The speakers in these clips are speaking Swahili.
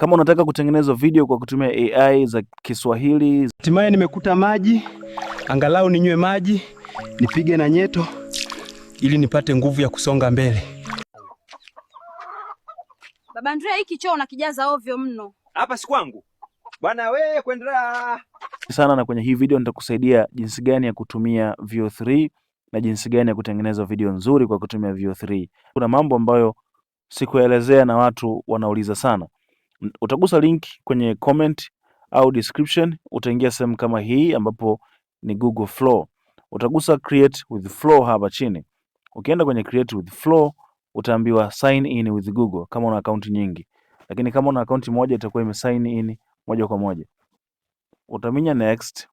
Kama unataka kutengeneza video kwa kutumia AI za Kiswahili. Hatimaye nimekuta maji, angalau ninywe maji, nipige na nyeto ili nipate nguvu ya kusonga mbele. Baba Andrea, hiki choo unakijaza ovyo mno. Hapa si kwangu. Bwana wewe kuendelea sana na kwenye hii video nitakusaidia jinsi gani ya kutumia VO3 na jinsi gani ya kutengeneza video nzuri kwa kutumia VO3. Kuna mambo ambayo sikuelezea na watu wanauliza sana. Utagusa link kwenye comment au description, utaingia sehemu kama hii ambapo ni Google Flow. Utagusa create with Flow hapa chini. Ukienda kwenye create with Flow utaambiwa sign in with Google kama una account nyingi, lakini kama una account moja itakuwa ime sign in moja kwa moja. Utaminya next,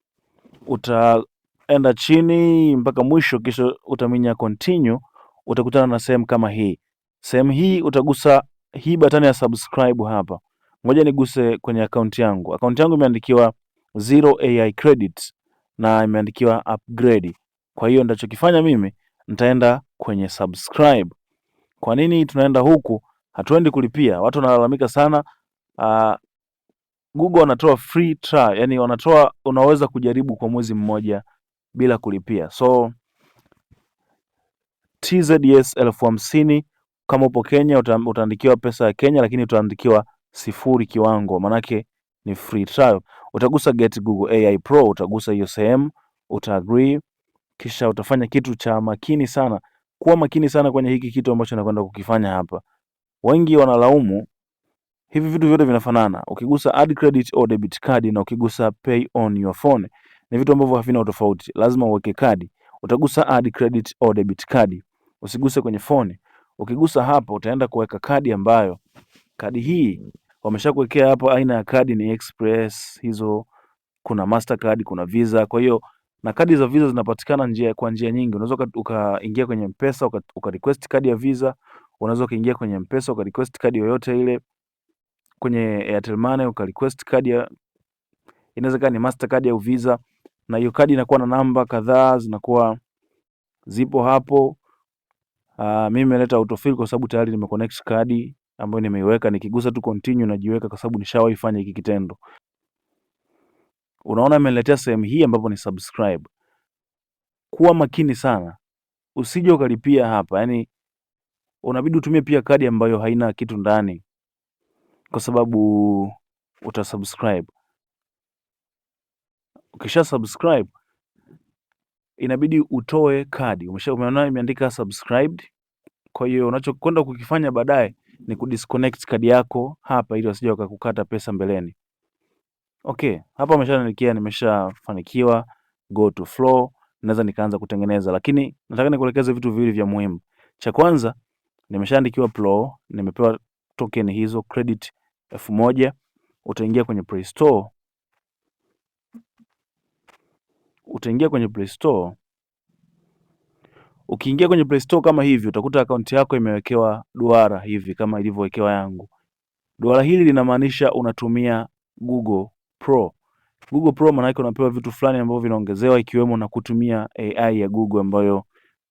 utaenda chini mpaka mwisho, kisha utaminya continue. Utakutana na sehemu kama hii. Sehemu hii utagusa hii batani ya subscribe hapa. Ngoja niguse kwenye akaunti yangu. Akaunti yangu imeandikiwa zero AI credit na imeandikiwa upgrade. Kwa hiyo ndachokifanya mimi nitaenda kwenye subscribe. Kwa nini tunaenda huku? Hatuendi kulipia. Watu wanalalamika sana. Uh, Google wanatoa free trial, yani wanatoa unaweza kujaribu kwa mwezi mmoja bila kulipia. So TZS elfu hamsini kama upo Kenya utaandikiwa pesa ya Kenya, lakini utaandikiwa sifuri kiwango, manake ni free trial. Utagusa get Google AI Pro, utagusa hiyo sehemu, uta agree, kisha utafanya kitu cha makini sana. Kuwa makini sana kwenye hiki kitu ambacho nakwenda kukifanya hapa. Wengi wanalaumu hivi vitu vyote vinafanana. Ukigusa add credit or debit card na ukigusa pay on your phone ni vitu ambavyo havina utofauti, lazima uweke kadi. Utagusa add credit or debit card, usiguse kwenye phone. Ukigusa hapa utaenda kuweka kadi ambayo kadi hii wameshakuwekea hapo aina ya kadi ni express hizo, kuna Mastercard, kuna Visa. Kwa hiyo na kadi za Visa zinapatikana njia kwa njia nyingi. Unaweza ukaingia kwenye Mpesa uka, uka request kadi ya Visa, unaweza ukaingia kwenye Mpesa uka request kadi yoyote ile, kwenye Airtel Money uka request kadi ya inawezekana ni Mastercard au Visa, na hiyo kadi inakuwa na namba kadhaa zinakuwa zipo hapo. Uh, mimi nimeleta autofill kwa sababu tayari nimeconnect kadi ambayo nimeiweka, nikigusa tu continue najiweka kwa sababu nishawahi fanya hiki kitendo. Unaona, ameniletea sehemu hii ambapo ni subscribe. Kuwa makini sana, usije ukalipia hapa, yaani unabidi utumie pia kadi ambayo haina kitu ndani, kwa sababu utasubscribe. Ukisha subscribe inabidi utoe kadi. Umesha umeona imeandika subscribed. Kwa hiyo unachokwenda kukifanya baadaye ni kudisconnect kadi yako hapa, ili wasije wakakukata pesa mbeleni. Okay, hapa ameshaandikia nimeshafanikiwa go to flow, naweza nikaanza kutengeneza, lakini nataka nikuelekeze vitu viwili vya muhimu. Cha kwanza, nimeshaandikiwa flow, nimepewa token hizo credit elfu moja. Utaingia kwenye Play Store, utaingia kwenye Play Store Ukiingia kwenye Play Store kama hivi, utakuta akaunti yako imewekewa duara hivi kama ilivyowekewa yangu. Duara hili linamaanisha unatumia Google Pro. Google Pro maana yake unapewa vitu fulani ambavyo vinaongezewa ikiwemo na kutumia AI ya Google ambayo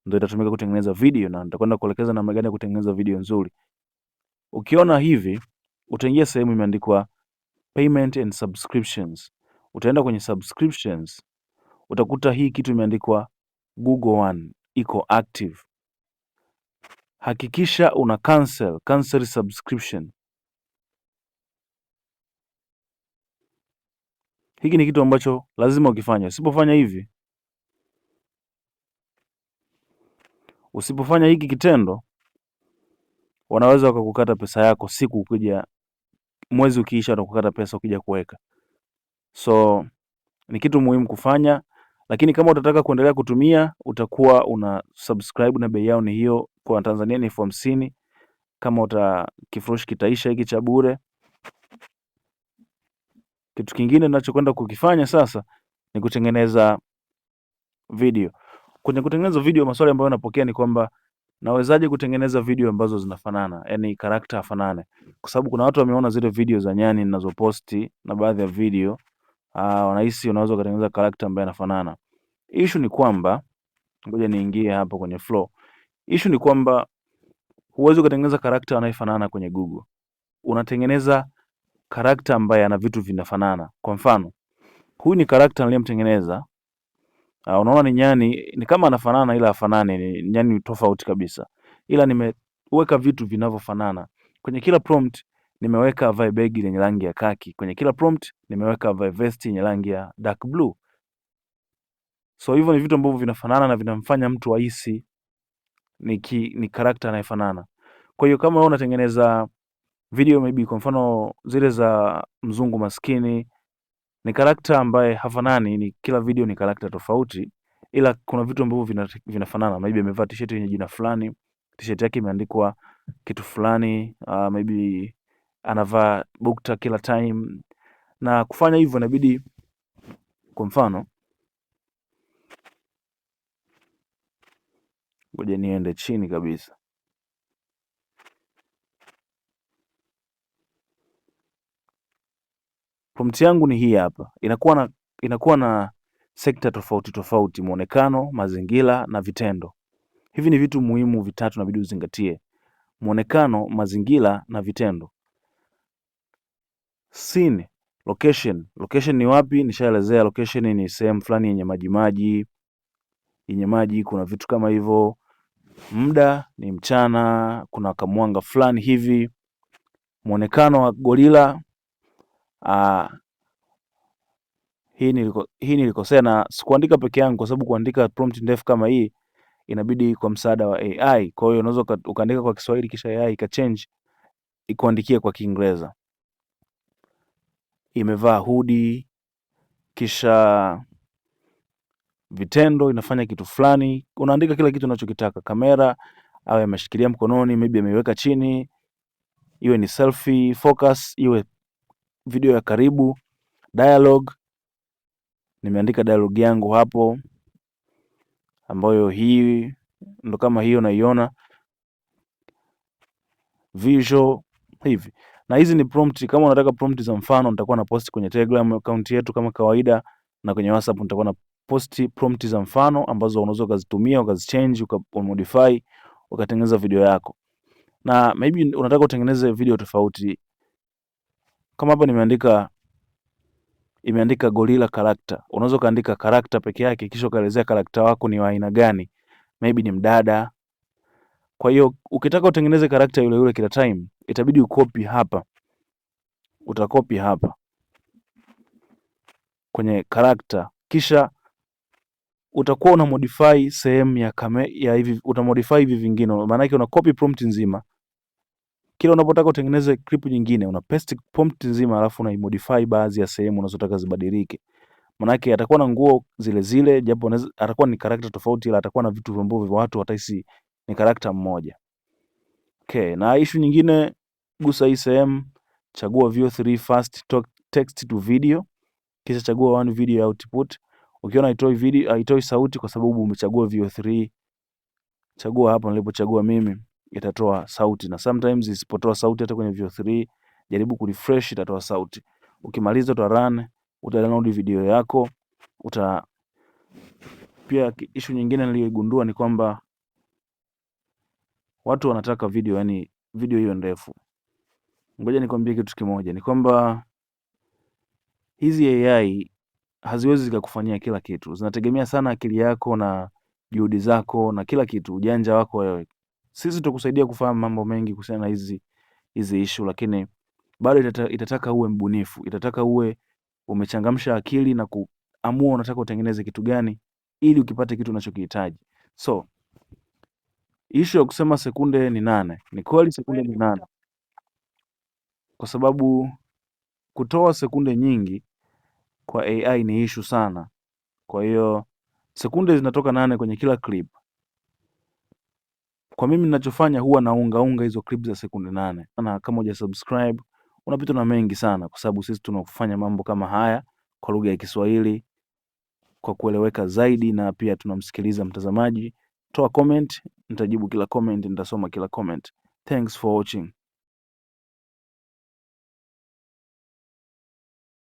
ndio itatumika kutengeneza video na nitakwenda kuelekeza namna gani ya kutengeneza video nzuri. Ukiona hivi, utaingia sehemu imeandikwa payment and subscriptions. Utaenda kwenye subscriptions, utakuta hii kitu imeandikwa Google One iko active. Hakikisha una cancel, cancel subscription. Hiki ni kitu ambacho lazima ukifanya. Usipofanya hivi, usipofanya hiki kitendo, wanaweza wakakukata pesa yako siku ukija, mwezi ukiisha, watakukata pesa ukija kuweka. So ni kitu muhimu kufanya lakini kama utataka kuendelea kutumia utakuwa una subscribe na bei yao ni hiyo, kwa Tanzania ni elfu hamsini. Kama uta kifurushi kitaisha hiki cha bure. Kitu kingine ninachokwenda kukifanya sasa ni kutengeneza video. Kwenye kutengeneza video, maswali ambayo napokea ni kwamba nawezaje kutengeneza video ambazo zinafanana, yani character afanane, kwa sababu kuna watu wameona zile video za nyani ninazoposti na baadhi ya video Ah, wanahisi unaweza kutengeneza character ambaye anafanana. Issue ni kwamba ngoja niingie hapo kwenye flow. Issue ni kwamba huwezi kutengeneza character anayefanana kwenye Google. Unatengeneza character ambaye ana vitu vinafanana. Kwa mfano, huyu ni character niliyemtengeneza. Uh, unaona ni nyani ni kama anafanana ila afanane, ni nyani tofauti kabisa. Ila nimeweka vitu vinavyofanana. Kwenye kila prompt nimeweka avae begi lenye rangi ya kaki. Kwenye kila prompt nimeweka avae vesti yenye rangi ya dark blue. So hivyo ni vitu ambavyo vinafanana na vinamfanya mtu ahisi ni ki, ni character anayefanana. Kwa hiyo kama wewe unatengeneza video maybe kwa mfano zile za mzungu maskini ni karakta ambaye hafanani, ni kila video ni karakta tofauti, ila kuna vitu ambavyo vina, vinafanana. Maybe amevaa t-shirt yenye jina fulani, t-shirt yake imeandikwa kitu fulani, uh, maybe anavaa bukta kila time, na kufanya hivyo inabidi, kwa mfano, ngoja niende chini kabisa prompt yangu ni hii hapa, inakuwa na inakuwa na sekta tofauti tofauti: muonekano, mazingira na vitendo. Hivi ni vitu muhimu vitatu inabidi uzingatie: muonekano, mazingira na vitendo. Scene, location. Location ni wapi? Nishaelezea location ni sehemu fulani yenye maji maji yenye maji, kuna vitu kama hivyo. Muda ni mchana, kuna kamwanga fulani hivi. Muonekano wa gorila ah, hii niliko, hii nilikosea na sikuandika peke yangu, kwa sababu kuandika prompt ndefu kama hii inabidi kwa msaada wa AI. Kwa hiyo unaweza ukaandika kwa Kiswahili kisha AI ikachange ikuandikie kwa Kiingereza imevaa hudi, kisha vitendo inafanya kitu fulani, unaandika kila kitu unachokitaka. Kamera awe ameshikilia mkononi, maybe ameiweka chini, iwe ni selfie focus, iwe video ya karibu, dialogue. Nimeandika dialogue yangu hapo, ambayo hii ndo kama hiyo naiona visual hivi na hizi ni prompt. Kama unataka prompt za mfano, nitakuwa na post kwenye Telegram account yetu kama kawaida, na kwenye WhatsApp nitakuwa na post prompt za mfano ambazo unaweza ukazitumia ukazichange, ukamodify, ukatengeneza video yako, na maybe unataka utengeneze video tofauti. Kama hapa nimeandika imeandika gorilla character, unaweza ukaandika character peke yake, kisha ukaelezea character wako ni wa aina gani, maybe ni mdada. Kwa hiyo ukitaka utengeneze character yule yule kila time itabidi ukopi hapa, utakopi hapa kwenye character, kisha utakuwa una modify sehemu ya kame, ya hivi uta modify hivi vingine, maana yake una copy prompt nzima. Kila unapotaka utengeneze clip nyingine una paste prompt nzima, alafu una modify baadhi ya sehemu unazotaka zibadilike. Maana yake atakuwa na nguo zile zile, japo atakuwa ni character tofauti, ila atakuwa na vitu vya watu watahisi ni character mmoja. Okay, na issue nyingine, gusa hii sehemu, chagua view 3 first talk, Text to Video, kisha chagua one video output. Ukiona haitoi video, haitoi sauti kwa sababu umechagua view 3, chagua hapa nilipochagua mimi, itatoa sauti, na sometimes isipotoa sauti hata kwenye view 3, jaribu kurefresh, itatoa sauti. Ukimaliza uta run, uta download video yako uta pia issue nyingine niliyoigundua ni kwamba watu wanataka video, yani video hiyo ndefu. Ngoja nikwambie kitu kimoja, ni kwamba hizi AI haziwezi zikakufanyia kila kitu, zinategemea sana akili yako na juhudi zako na kila kitu, ujanja wako wewe. Sisi tutakusaidia kufahamu mambo mengi kuhusiana na hizi hizi issue, lakini bado itata, itataka uwe mbunifu, itataka uwe umechangamsha akili na kuamua unataka utengeneze kitu gani ili ukipate kitu unachokihitaji so ishu ya kusema sekunde ni nane ni kweli, sekunde ni nane kwa sababu kutoa sekunde nyingi kwa AI ni ishu sana. Kwa hiyo sekunde zinatoka nane kwenye kila clip. Kwa mimi ninachofanya huwa naungaunga hizo clip za sekunde nane, na kama uja subscribe unapitwa na mengi sana, kwa sababu sisi tunakufanya mambo kama haya kwa lugha ya Kiswahili kwa kueleweka zaidi, na pia tunamsikiliza mtazamaji. Toa comment nitajibu kila comment, nitasoma kila comment. Thanks for watching.